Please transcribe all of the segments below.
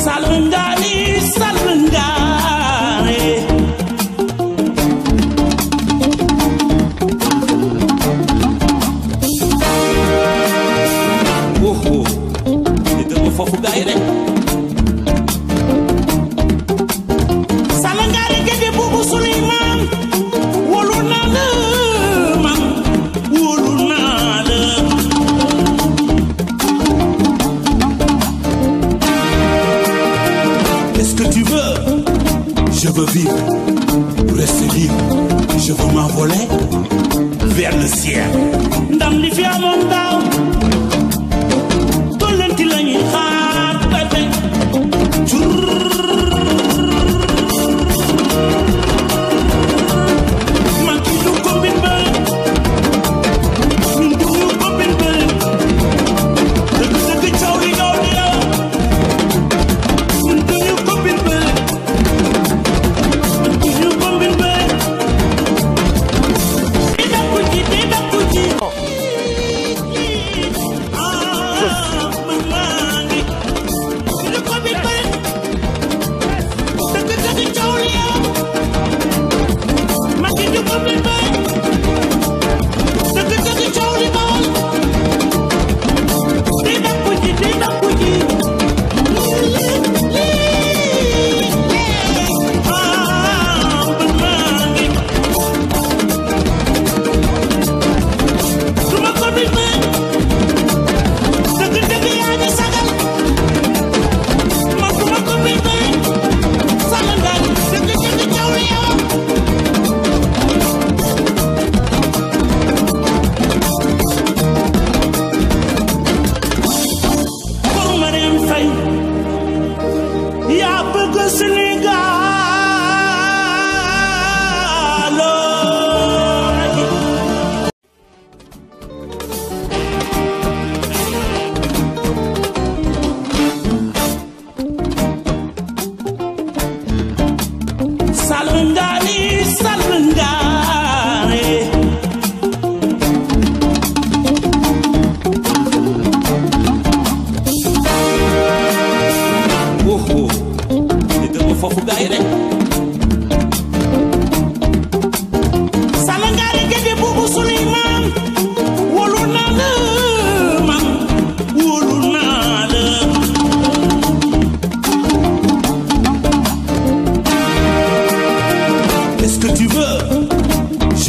Salon la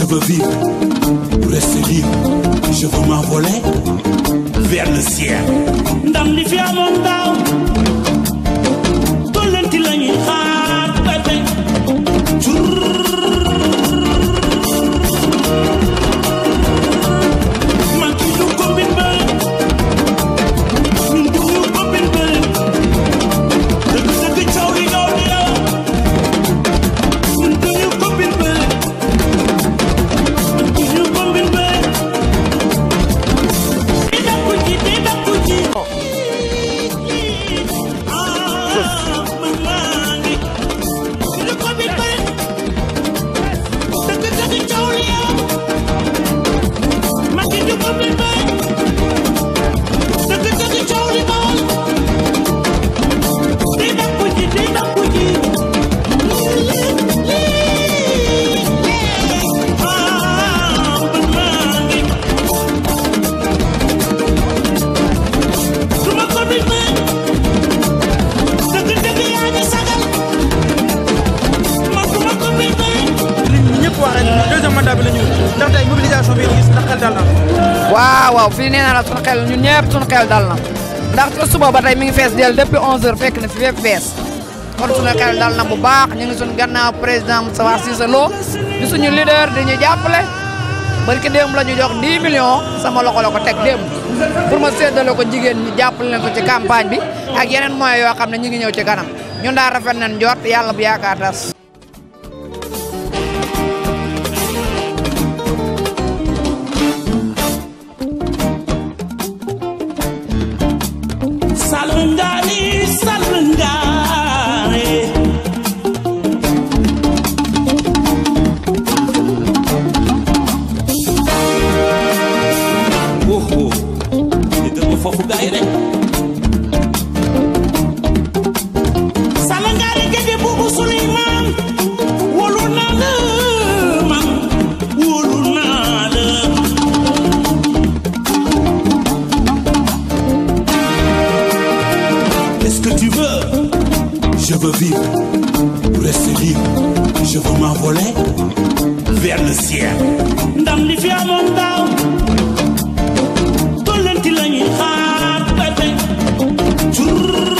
Je veux vivre, rester vivre. Je veux m'envoler vers le ciel. Dans les deuxième mandat bi la ñu ndax tey mobilisation bi gis ndax xel dal na waaw waaw fii nee naa ngi kon sunu xel dal na bu baax ñu ngi sunu gannaaw président Moustapha Cissé leader di ñu jàppale barki démb la ñu jox 10 sama loxo la ko teg démb pour ma séddale ko jigéen ñi jàppale leen ko ci campagne bi ak yeneen moyens yoo xam ne ñu 住。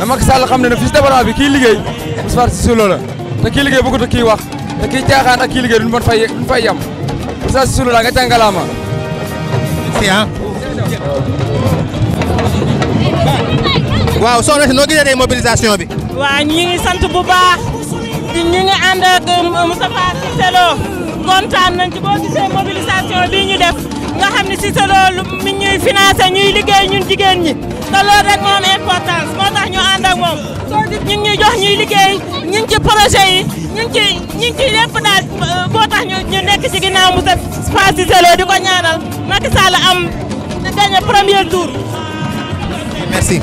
na Macky Sall xam ne ne fii si département bi kii liggéey Moustapha Cissé Lo la kii liggéey bëggut a kii wax te kii caaxaan ak kii liggéey duñu mën fay duñu fay yem Moustapha Cissé Lo la nga ah. waaw soxna si noo gisee tey mobilisation bi. sant bu baax ñu ngi ànd ak euh, Moustapha Cissé Lo kontaan nañ ci nga xam ne Cissé mi ñuy financé ñuy liggéey ñun jigéen ñi te loolu SODIS ñu jox ñuy liggéey ñu ngi yi ñu ngi ci ñu ngi ñu ñu nekk ci ginnaaw Moussa Fatou ko ñaanal Macky Sall am na gagné premier tour. merci.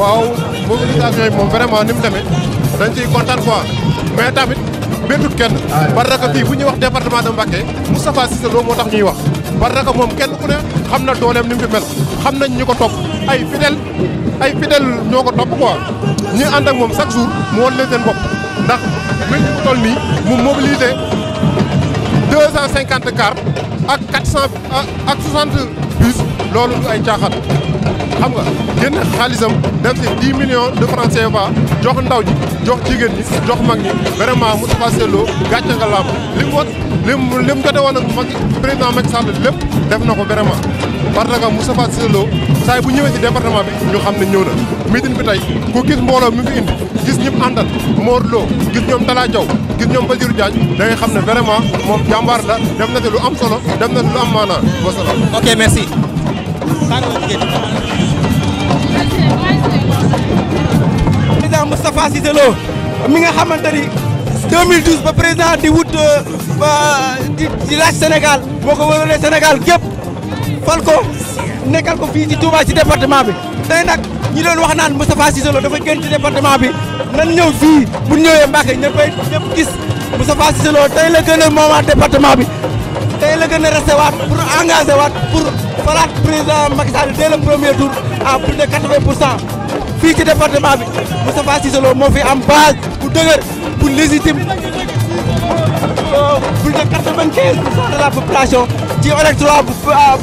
waaw mobilisation yi moom vraiment ni mu demee dañ ciy kontaan quoi mais tamit bettut kenn parce que fii bu ñuy wax département de Mbacké Moustapha Cissé Lo moo tax ñuy wax parce que moom kenn ku ne xam na dooleem ni mu xam nañ ñi ko topp ay fidèle ay fidèle ñoo ko topp quoi ñu ànd ak moom chaque jour mu won leen seen bopp ndax mbir mi toll nii mu mobiliser de cent cinquante cars ak quatre cent ak soixante bus ay caaxaan xam nga génn xaalisam def si 10 de francs CFA jox ndaw ji jox jigéen ñi jox mag ñi vraiment Moustapha Cissé Lo gàcce nga laam li mu woon li mu li mu jotee woon ak mag président Macky Sall lépp def na ko vraiment. parce que Moustapha Cissé Lo bu ñëwee si département bi ñu xam ne ñëw na meeting bi tey ku gis mbooloo mi fi indi gis ñëpp àndal Mor Lo gis ñoom Talla Diaw gis ñoom Basiirou Diagne da xam ne vraiment moom jàmbaar la def na te lu am solo def na te lu am Moustapha Cissé Lo mi nga xamante ni 2012 ba président di wut euh, di di laaj Sénégal moo ko wëralee Sénégal gépp fal ko nekkal ko fii ci Touba ci département bi tey nag ñi doon wax naan Moustapha Cissé Lo dafa gën ci département bi nan ñëw fii bu ñëwee Mbacke ñëppay ñëpp gis Moustapha Cissé Lo tey la gën a moomaat département bi tey la gën a waat pour engagé waat pour falaat président Macky Sall dès premier tour à plus de 80 pour cent. fii ci département bi Moustapha Cissé Lo moo fi am base bu dëgër bu légitime plus de 95 pour cent de la population bu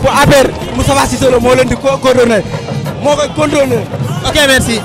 bu APR Moustapha Cissé moo leen di coordonné moo koy contrôlé ok merci.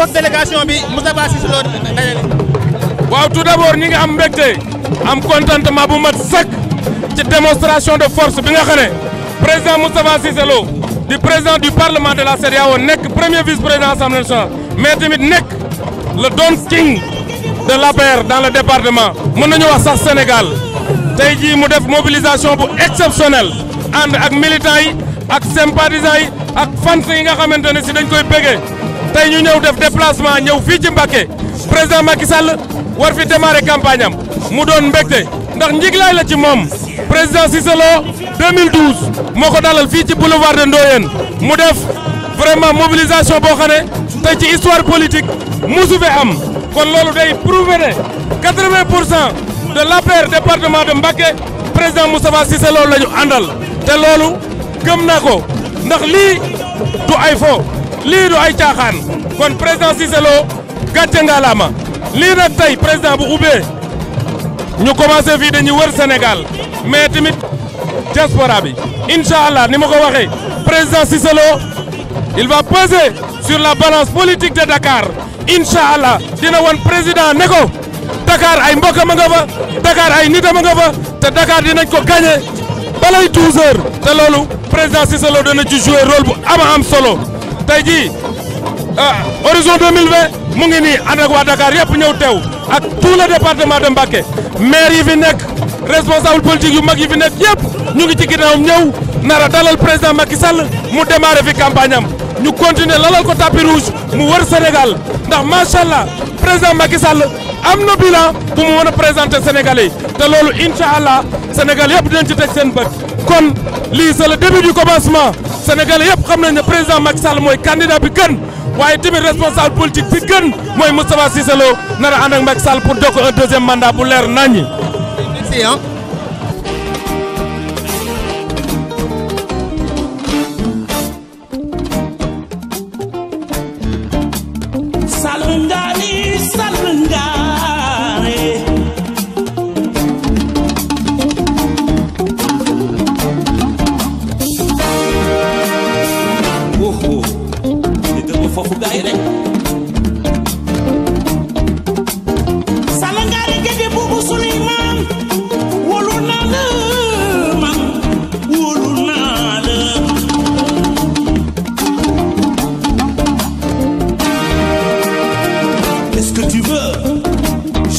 Votre délégation bi Moustapha Cissé Wow, tout d'abord nous sommes am de am contentement bu mat ci démonstration de force bi nga président Moustapha Cissé le président du parlement de la CEDEAO le premier vice président l'Assemblée nationale mais aussi le Don King de l'APR dans le département nous sommes wax Sénégal nous avons mu mobilisation exceptionnelle entre les militants les ak sympathisants yi ak fans yi nga ont fait dañ koy tey ñu ñëw def déplacement ñëw fii ci président Macky Sall war fi campagne am mu doon mbégte ndax njiglaay la ci moom président Cissé Lo 2012 moo ko dalal fii ci boulevard de mu def vraiment mobilisation boo xam ne tey ci histoire politique musu fi am kon loolu day prouver ne pour cent de l'APR département de Mbacké président Moustapha Cissé Lo la ñu àndal te loolu gëm naa ko ndax lii du ay fo. L'île du ay caaxaan kon président Cissé Lo gàcce l'ama, li nag tay président bu nous ñu commencé fi dañu wër Sénégal mais tamit diaspora bi inshallah allah ni président Cissé il va peser sur la balance politique de Dakar inshallah allah dina won président Neko, Dakar ay mbokam nga fa Dakar ay nitam nga fa te Dakar dinañ ko gagné balay 12 h te président Cissé Lo dana ci jouer rôle bu ama solo. tey jii ah, horizon 2020 mu ngi nii ànd ak waa Dakar yëpp ñëw teew ak tout le de Mbacké maire yi fi nekk responsable politique yu mag yi fi nekk yëpp ñu ngi ci ginnaawam ñëw nara dalal président Macky Sall mu démarré fi campagne ñu continuer lalal ko tapis rouge mu wër Sénégal ndax macha allah président Macky Sall am na bilan bu mu mën a présenté Sénégalais yi te loolu incha allah Sénégal yëpp dinañ ci teg seen bët. kon c'est le début du commencement sénégalais yëpp xam nañ président Macky Sall mooy candidat bi Mais le tamit responsable politique bi Moustapha Cissé Lo est a ànd ak Macky Sall pour jokk un deuxième mandat pour l'air nani. merci hein.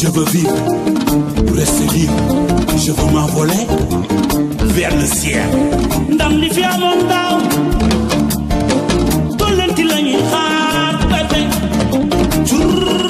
Je veux vivre, rester libre. Je veux m'envoler vers le ciel. Dans les fi amoon daaw tollanti la ñuy xaar bébé jur.